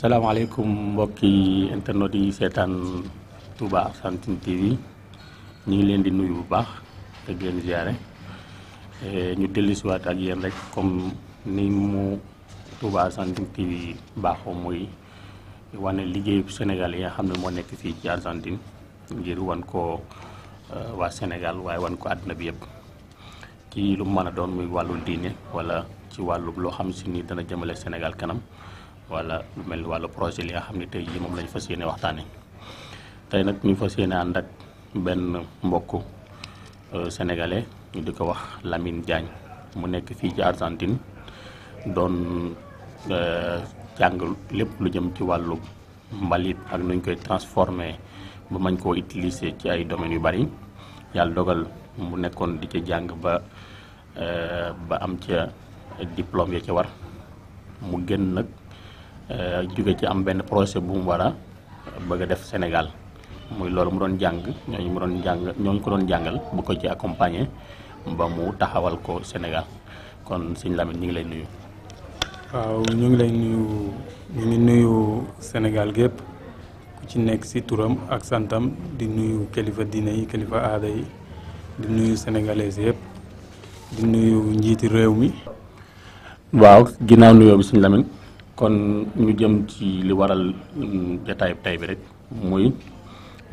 salaamaaleykum mbokki internet yi seetaan Touba Argentine TV ñu ngi leen di nuyu bu baax te di leen ziare eh, ñu dellusiwaat ak yéen rek comme ni mu Touba Argentine TV baaxoo muy wane liggéeyu Sénégal yi nga xam ne moo nekk fii ci Argentine ngir wan ko eh, waa Sénégal waaye wan ko àdduna bi yëpp ci lu mu doon muy wàllu diine wala ci wàllu loo xam si ni dana jëmale Sénégal kanam. wala lu mel ni wàllu projet li nga xam ne tey jii moom lañu fas yéene waxtaane tey nag ñu fa yéene ànd ak benn mbokk euh, sénégalais ñu di ko wax Lamine Diagne mu nekk fii ci Argentine doon euh, jàng lépp lu jëm ci wàllu mbalit ak nuñ koy transformé ba mañ koo utiliser ci ay domaines yu bari yàlla dogal mu nekkoon di ca jàng ba euh, ba am ca diplôme ya ca war mu génn nag Euh, jóge ci am benn projet bu mu war a bëgg a def Sénégal muy loolu mu doon jàng ñooñu mu doon jàng ñooñu ko doon jàngal bu ko ci accompagner ba mu taxawal ko Sénégal kon sëñ Lamine ñu ngi lay nuyu. waaw ñu ngi lay nuyu ñu ngi nuyu Sénégal gépp ku ci nekk si turam ak santam di nuyu kilifa diine kilifa aada yi di nuyu sénégalais yëpp di nuyu njiiti réew mi. waaw ginnaaw nuyoo bi sëñ Lamine. kon ñu jëm ci li waral jataay mm, tay bi rek muy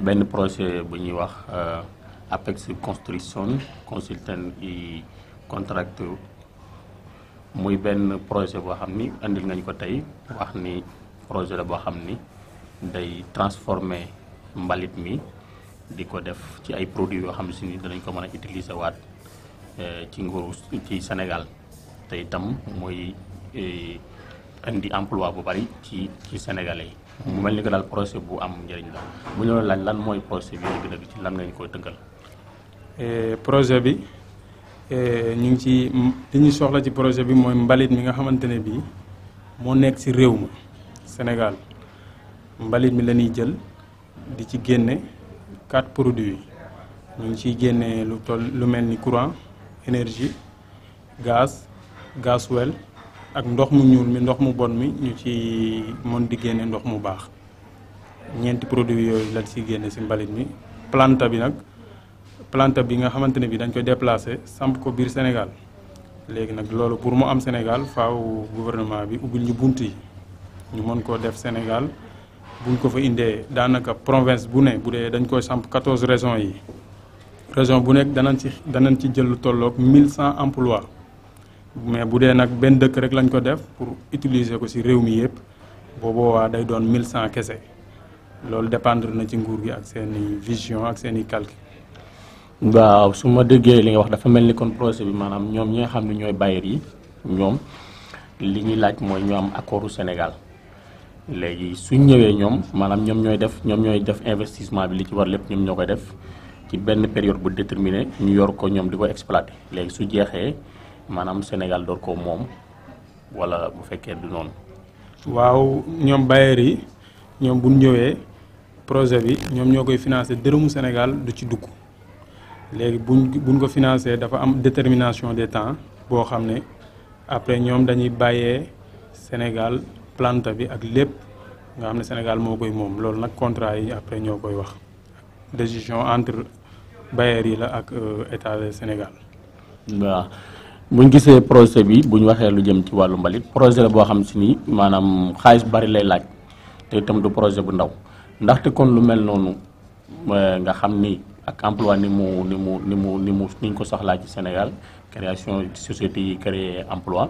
benn projet bu ñuy wax euh, Apex Construction Consultant yi Contractor muy benn projet boo xam ni andil ngañ ko tey wax ni projet la boo xam ni day transformer mbalit mi di ko def ci ay produits yoo xam si ni danañ ko mën a utiliser waat euh, ci nguuru ci Sénégal te itam muy euh, indi emploi bu bari ci ci sénégalais yi mu mel ni ko daal projet bu am njëriñ la bu ñu laaj lan mooy eh, projet bi dëgg ci lan nga ñu koy tënkal projet bi ñu ngi ci li soxla ci projet bi mooy mbalit mi nga xamante ne bii moo nekk ci réew ma Sénégal mbalit mi la jël di ci génne produit yi ñu ngi ciy génne lu toll lu mel ni courant énergie gaz gasoil ak ndox mu ñuul mi ndox mu bon mi ñu ci mën di génne ndox mu baax ñeenti produit yooyu lañ ci génne ci mbalit mi planta bi nag planta bi nga xamante ne bi dañ koy déplacé samp ko biir Sénégal léegi nag loolu pour mu am Sénégal faw gouvernement bi ubbil ñu bunt yi ñu mën koo def Sénégal buñ ko fa indee daanaka province bu ne bu dee dañ koy samp 14 régions yi région bu nekk danañ ci danañ ci jël lu mille cent emplois mais bu dee nag benn dëkk rek lañ ko def pour utiliser ko si réew mi yëpp booboo waa day doon mille cent kese loolu dépendre na ci nguur gi ak seeni i vision ak seen i calcul. waaw su ma déggee li nga wax dafa mel ni kon projet bi maanaam ñoom ñi xam ni ñooy bailleurs yi ñoom li ñuy laaj mooy ñoom am accordu Sénégal léegi suñ ñëwee ñoom maanaam ñoom ñooy def ñoom ñooy def investissement bi li ci war lépp ñoom ñoo koy def ci benn période bu déterminé ñu yor ko ñoom di ko exploité léegi su jeexee. maanaam Sénégal door ko moom wala bu fekkee du noonu. waaw ñoom bailleurs yi ñoom bu ñëwee projet bi ñoom ñoo koy financé dërëmu Sénégal du ci dugg léegi buñ buñ ko financé dafa am détermination des temps boo xam ne après ñoom dañuy bàyyee Sénégal plante bi ak lépp nga xam ne Sénégal moo koy moom loolu nag contrat yi après ñoo koy wax décision entre bailleurs yi la ak euh, état de Sénégal. buñ gisee projet bi bu ñu waxee lu jëm ci wàllu mbalit projet la boo xam si ni maanaam xaalis bari lay laaj te itam du projet bu ndaw ndaxte kon lu mel noonu euh, nga xam ni ak emploi ni mu ni mu ni mu ni mu ni ñu ko soxlaa ci Sénégal création société yi créer emploi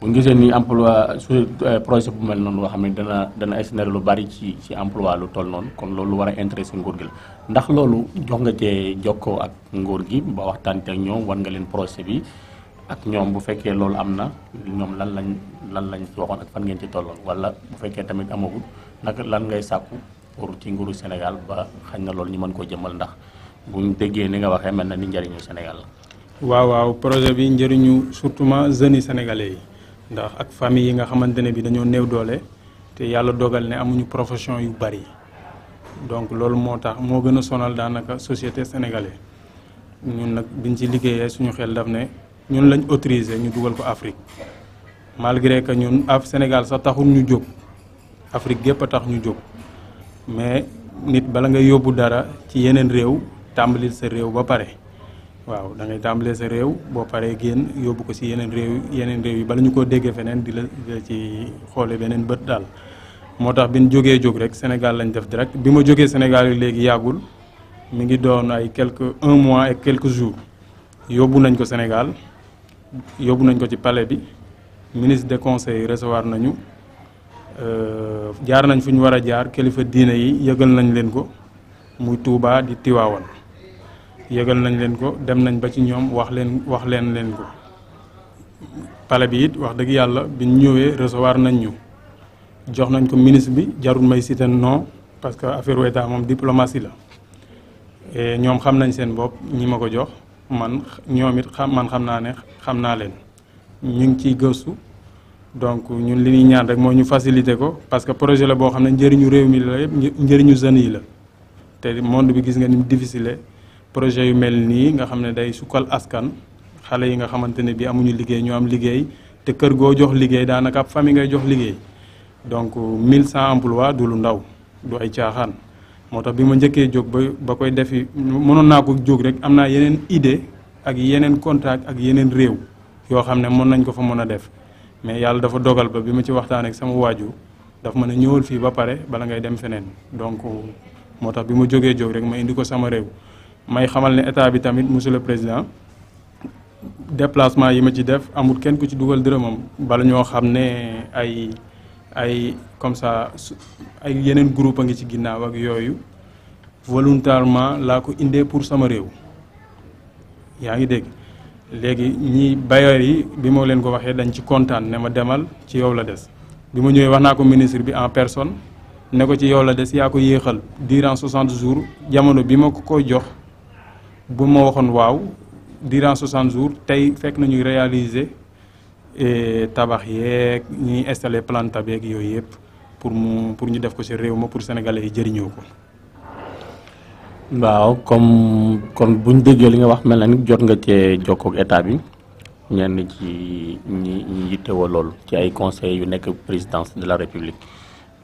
bu ñu gisee ni emploi su euh, projet bu mel noonu boo xam ne dana dana externe lu bari ci ci emploi lu toll noonu kon loolu war a intéressé nguur gi la ndax loolu jox nga cee jokkoo ak nguur gi ba waxtaan ak ñoom war nga leen projet bi. ak ñoom bu fekkee loolu am na ñoom lan lañ lan lañ waxoon ak fan ngeen ci tolloon wala bu fekkee tamit amagul naka lan ngay sàkku pour ci nguuru Sénégal ba xañ na loolu ñu mën koo jëmmal ndax buñ déggee ni nga waxee mel na ni njëriñu Sénégal la. waaw waaw projet bi njëriñu surtout jeunes yi sénégalais yi ndax ak famille yi nga xamante ne bi dañoo néew doole te yàlla dogal ne amuñu profession yu bari donc loolu moo tax moo gën a sonal daanaka société sénégalaise ñun nag biñ ci liggéeyee suñu xel daf ne. ñun lañ autorisé ñu dugal ko Afrique malgré que ñun af Sénégal sax taxul ñu jóg Afrique gépp a tax ñu jóg mais nit bala nga yóbbu dara ci yeneen réew tàmbalil sa réew ba pare waaw da ngay tàmbalee sa réew boo paree génn yóbbu ko si yeneen réew yeneen réew yi bala ñu koo déggee feneen di la ci xoole beneen bët daal moo tax bi ñu jógee jóg rek Sénégal lañ def direct bi ma jógee Sénégal yi léegi yàggul mu ngi doon ay quelque un mois et quelques jours yóbbu nañ ko Sénégal yóbbu nañ ko ci pale bi ministre de conseil recevoir nañu euh, jaar nañ fu ñu war a jaar kilifa diine yi yëgal nañ leen ko muy Touba di Tiwaawan yëgal nañ leen ko dem nañ ba ci ñoom wax leen wax leen leen ko pale bi it wax dëgg yàlla bi ñu ñëwee recevoir nañ ñu jox nañ ko ministre bi jarul may citer non parce que affaire état moom diplomatie la ñoom xam nañ seen bopp ñi ma ko jox man ñoom it xam xam naa ne xam naa leen ñu ngi ciy gëstu donc ñun li ñuy ñaan rek moo ñu facilité ko parce que projet la boo xam ne njëriñu réew mi la yëpp njëriñu jeunes yi la te monde bi gis nga ni mu difficile projet yu mel nii nga xam ne day sukkal askan xale yi nga xamante ne bii amuñu liggéey ñu am liggéey te kër goo jox liggéey daanaka ab famille ngay jox liggéey donc 1100 emplois du lu ndaw du ay caaxaan. moo tax bi ma njëkkee jóg ba ba koy defi mënoon naa ko jóg rek am naa yeneen idée ak yeneen contact ak yeneen réew yoo xam ne mën nañ ko fa mën a def mais yàlla dafa dogal ba bi ma ci waxtaan ak sama waajur dafa mën a ñëwal fii ba pare bala ngay dem feneen donc moo tax bi ma jógee jóg rek ma indi ko sama réew may xamal ne état bi tamit monsieur le président déplacement yi ma ci def amut kenn ku ci dugal dërëmam bala ñoo xam ne ay ay comme ça ay yeneen groupe a ngi ci ginnaaw ak yooyu volontairement laa ko indee pour sama réew yaa ngi dégg léegi ñi bailleurs yi bi moo leen ko waxee dañ ci kontaan ne ma demal ci yow la des bi ma ñëwee wax naa ko ministre bi en personne ne ko ci yow la des yaa ko yéexal durant 60 jours jamono bi ma ko koy jox bu ma waxoon waaw durant 60 jours tey fekk nañuy réaliser tabax yee ñuy installé planta beeg yooyu yëpp pour mu pour ñu def ko si réew ma pour sénégalais yi jëriñoo ko. waaw comme kon buñ déggee li nga wax mel na ni jot nga cee jokkook état bi ñenn ci ñi ñi yittewoo loolu ci ay conseils yu nekk présidence de la république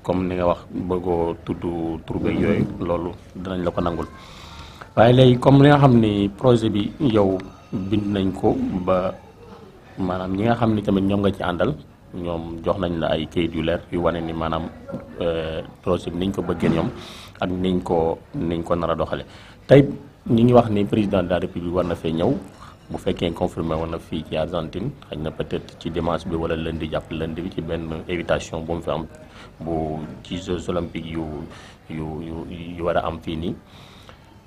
comme ni nga wax bëggoo tudd turbe yooyu loolu dinañ la ko nangul waaye léegi comme li xam ni projet bi yow bind nañ ko ba. maanaam ñi nga xam ni tamit ñoom nga ci àndal ñoom jox nañ la ay kayit yu leer yu wane ni maanaam euh, projet bi niñ ko bëggee ñoom ak niñ ko niñ ko nar a doxale tey ñi ngi wax ni président de la république war na fee ñëw bu fekkee confirmé woon na fii ci Argentine xëy na peut-être ci dimanche bi wala lundi jàpp lundi bi ci benn invitation bu mu fi am bu ci Jeux olympiques yu yu yu yu war a am fii nii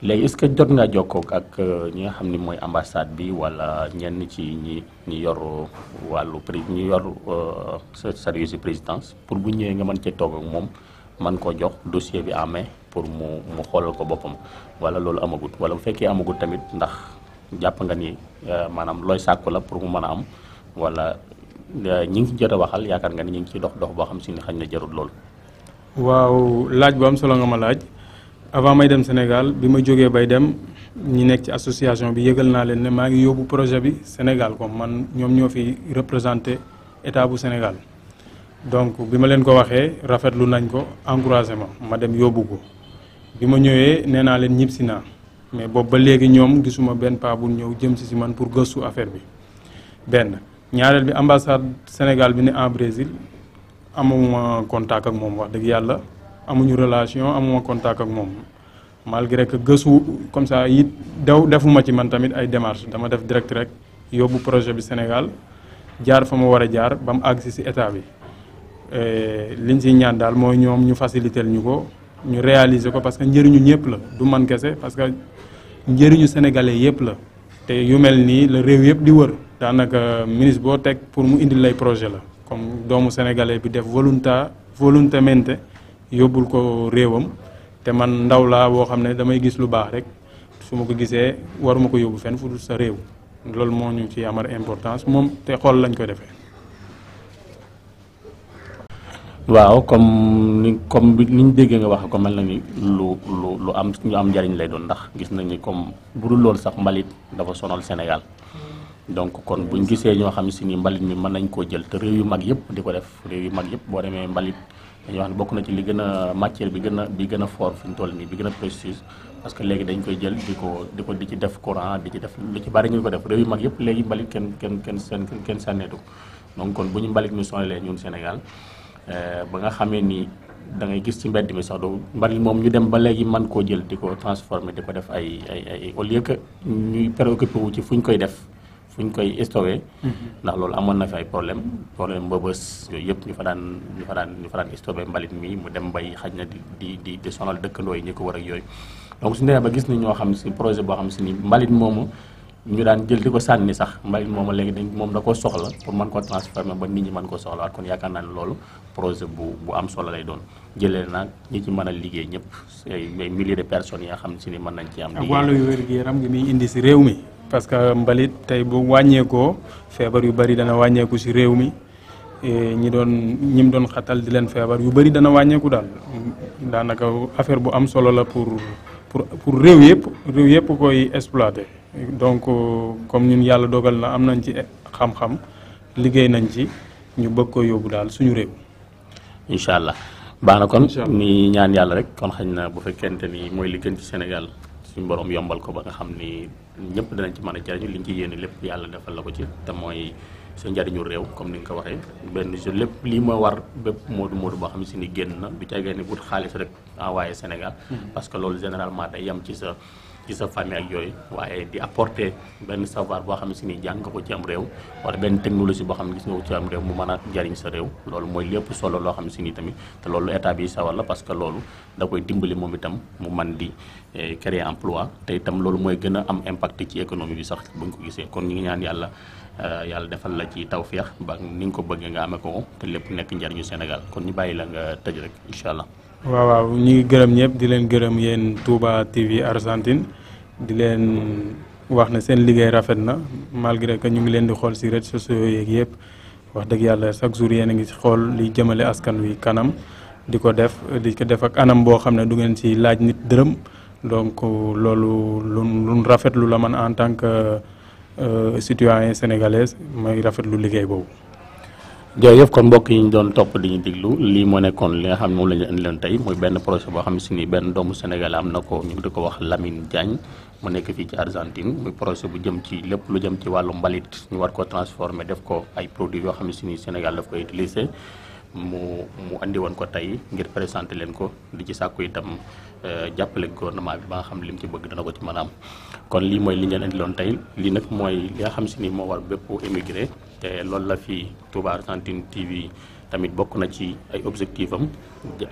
léegi est-ce que jot nga kook ak euh, ñi nga xam ni mooy ambassade bi wala ñenn ci ñi ñi yor wàllu prix ñi yor euh, service présidence pour bu ñëwee nga mën cee toog moom man koo jox dossier bi en pour mu mu xoolal ko boppam wala loolu amagut wala bu fekkee amagut tamit ndax jàpp nga ni euh, maanaam looy sàkku la pour mu mën a am wala ñi ngi ci jot a waxal yaakaar nga ni ñu ngi ciy dox dox boo xam si ni xañ na jarut loolu. waaw laaj bu am solo nga ma laaj. avant may dem Sénégal bi ma jógee bay dem ñi nekk ci association bi yëgal naa leen ne maa ngi yóbbu projet bi Sénégal comme man ñoom ñoo fi représenté état bu Sénégal donc bi ma leen ko waxee rafetlu nañ ko encouragé ma dem yóbbu ko bi ma ñëwee nee naa leen ñibbisi naa mais boobu ba léegi ñoom gisuma benn pas bu ñëw jëm si si man pour gëstu affaire bi benn ñaareel bi ambassade Sénégal bi ne en Brésil amuma contact ak moom wax dëgg yàlla. amuñu relation amuma contact ak moom malgré que gëstu comme ça it daw defuma ci man tamit ay démarches dama def direct rek yóbbu projet bi Sénégal jaar fa ma war a jaar ba mu àgg si si état bi eh, liñ siy ñaan daal mooy ñoom ñu faciliter ñu ko ñu réaliser ko parce que njëriñu ñëpp la du man kese parce que njëriñu sénégale yëpp la te yu mel nii la réew yëpp di wër daanaka ministre boo teg pour mu indi lay projet la comme doomu sénégalais bi def volonté volontairement yóbbul ko réewam te man ndaw laa woo xam ne damay gis lu baax rek su ma ko gisee waruma ko yóbbu fenn fu dul sa réew loolu moo ñu ci amal importance moom te xool lañ koy defee. waaw comme ni comme ni ñu déggee nga wax ko mel na ni lu lu lu am ñu am njariñ lay doon ndax gis nañ ni comme bu dul loolu sax mbalit dafa sonal Sénégal. donc kon buñ gisee ñoo xam si ni mbalit mi mën nañ koo jël te réew yu mag yëpp di ko def réew yu mag yëpp boo demee mbalit dañuy wax ne bokk na ci li gën a matière bi gën a bi gën a fort fi ñu toll nii bi gën a précise parce que léegi dañ koy jël di ko di ko di ci def courant di ci def lu ci bari ñu ko def réew yu mag yëpp léegi mbalit kenn kenn kenn seen kenn sànneetu donc kon bu ñu mbalit mi sonalee ñun Sénégal euh, ba nga xamee nii da ngay gis ci mbedd mi sax du mbalit moom ñu dem ba léegi mën koo jël di ko transformer di ko def ay ay ay ñuy préoccupé wu ci fu ñu koy def fu ñu koy stocké. Mhm. ndax loolu amoon na fi ay problème problème mbëbës yooyu yëpp ñu fa daan ñu fa daan ñu fa mbalit mii mu dem bay xaj na di di di sonal dëkkandoo yi ñu ko war ak yooyu. donc su demee ba gis ni ñoo xam si projet boo xam si ni mbalit moomu ñu daan jël di ko sànni sax mbalit moomu léegi dañ moom da koo soxla pour man koo transformer ba nit ñi mën koo soxla waat kon yaakaar naa ne loolu projet bu bu am solo lay doon jëlee nag ñi ci mën a liggéey ñëpp ay milliers de personnes yi nga xam ni mën nañ ci am. liggéey ak indi si réew mi. parce que mbalit tey bu wàññeekoo feebar yu bari dana wàññeeku ci réew mi e, ñi doon ñim doon xatal di leen feebar yu bari dana wàññeeku daal daanaka affaire bu am solo la pour pour pour réew yépp réew yépp koy exploiter. donc comme ñun yàlla dogal na am nañ ci xam-xam liggéey nañ ci ñu bëgg ko yóbbu daal suñu réew. incha allah baax na kon. nii ñaan yàlla rek kon xañ na bu fekkente ni mooy li gën ci Sénégal. suñ borom yombal ko ba nga xam ni ñëpp danañ ci mën a jariñu liñ ci yéene lépp yàlla defal la ko ci te mooy sa njariñu réew comme ni nga ko waxee benn si lépp lii ma war bépp moodu moodu boo xam si ni génn na bu caagee ni wut xaalis rek envoyé Sénégal mm-hmm. parce que loolu généralement day yem ci sa ci sa famille ak yooyu waaye di apporter benn savoir boo xam ne si ni jàng nga ko ci am réew wala benn technologie boo xam ne gis eh, mooy gën am impact ci économie bi sax bu ko gisee kon ñu ngi ñaan yàlla eh, yàlla defal la ci tawféex ba ni nga ko bëggee nga amee ko te lépp nekk njariñu Sénégal kon ñu bàyyi la nga tëj rek incha allah. waaw waaw gërëm ñëpp di leen gërëm yéen Touba TV Argentine. di leen wax na seen liggéey rafet na malgré que ñu ngi leen di xool si réseaux sociaux yeeg yëpp wax dëgg yàlla chaque jour yéen a ngi si xool liy jëmale askan wi kanam di ko def di ko def ak anam boo xam ne du ngeen si laaj nit dërëm donc loolu lu lu rafetlu la man en tant que euh, citoyen sénégalais may rafetlu liggéey boobu. jërëjëf kon mbokk yi ñu doon topp di ñu diglu lii moo nekkoon li nga xam ne moom la ñu indi leen tey muy benn projet boo xam ne si ni benn doomu Sénégal am na ko ñu di ko wax Lamine Diagne mu nekk fii ci Argentine muy projet bu jëm ci lépp lu jëm ci wàllu mbalit ñu war ko transformer def ko ay produits yoo xam ne si ni Sénégal daf ko utiliser mu mu andi woon ko tey ngir présenter leen ko di ci sàkku itam. Euh, jàppale gouvernement bi ba nga xam lim ci bëgg dana ko ci mën a kon lii mooy li ngeen indiloon tey lii nag mooy li nga xam si ni moo war bépp émigré te loolu la fi Touba Argentine TV tamit bokk na ci ay objectif am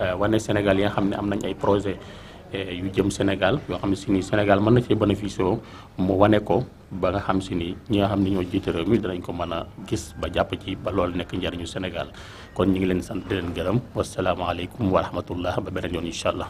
euh, wane Sénégal yi nga xam ne am nañ ay projet euh, yu jëm Sénégal yoo xam ne si ni Sénégal mën na cee bénéficié mu wane ko ba nga xam si ni ñi nga xam ne ñoo jiite réew mi danañ ko mën a gis ba jàpp ci ba lool nekk njariñu Sénégal kon ñu ngi leen sant di leen gërëm wasalaamaaleykum wa ba beneen yoon incha allah.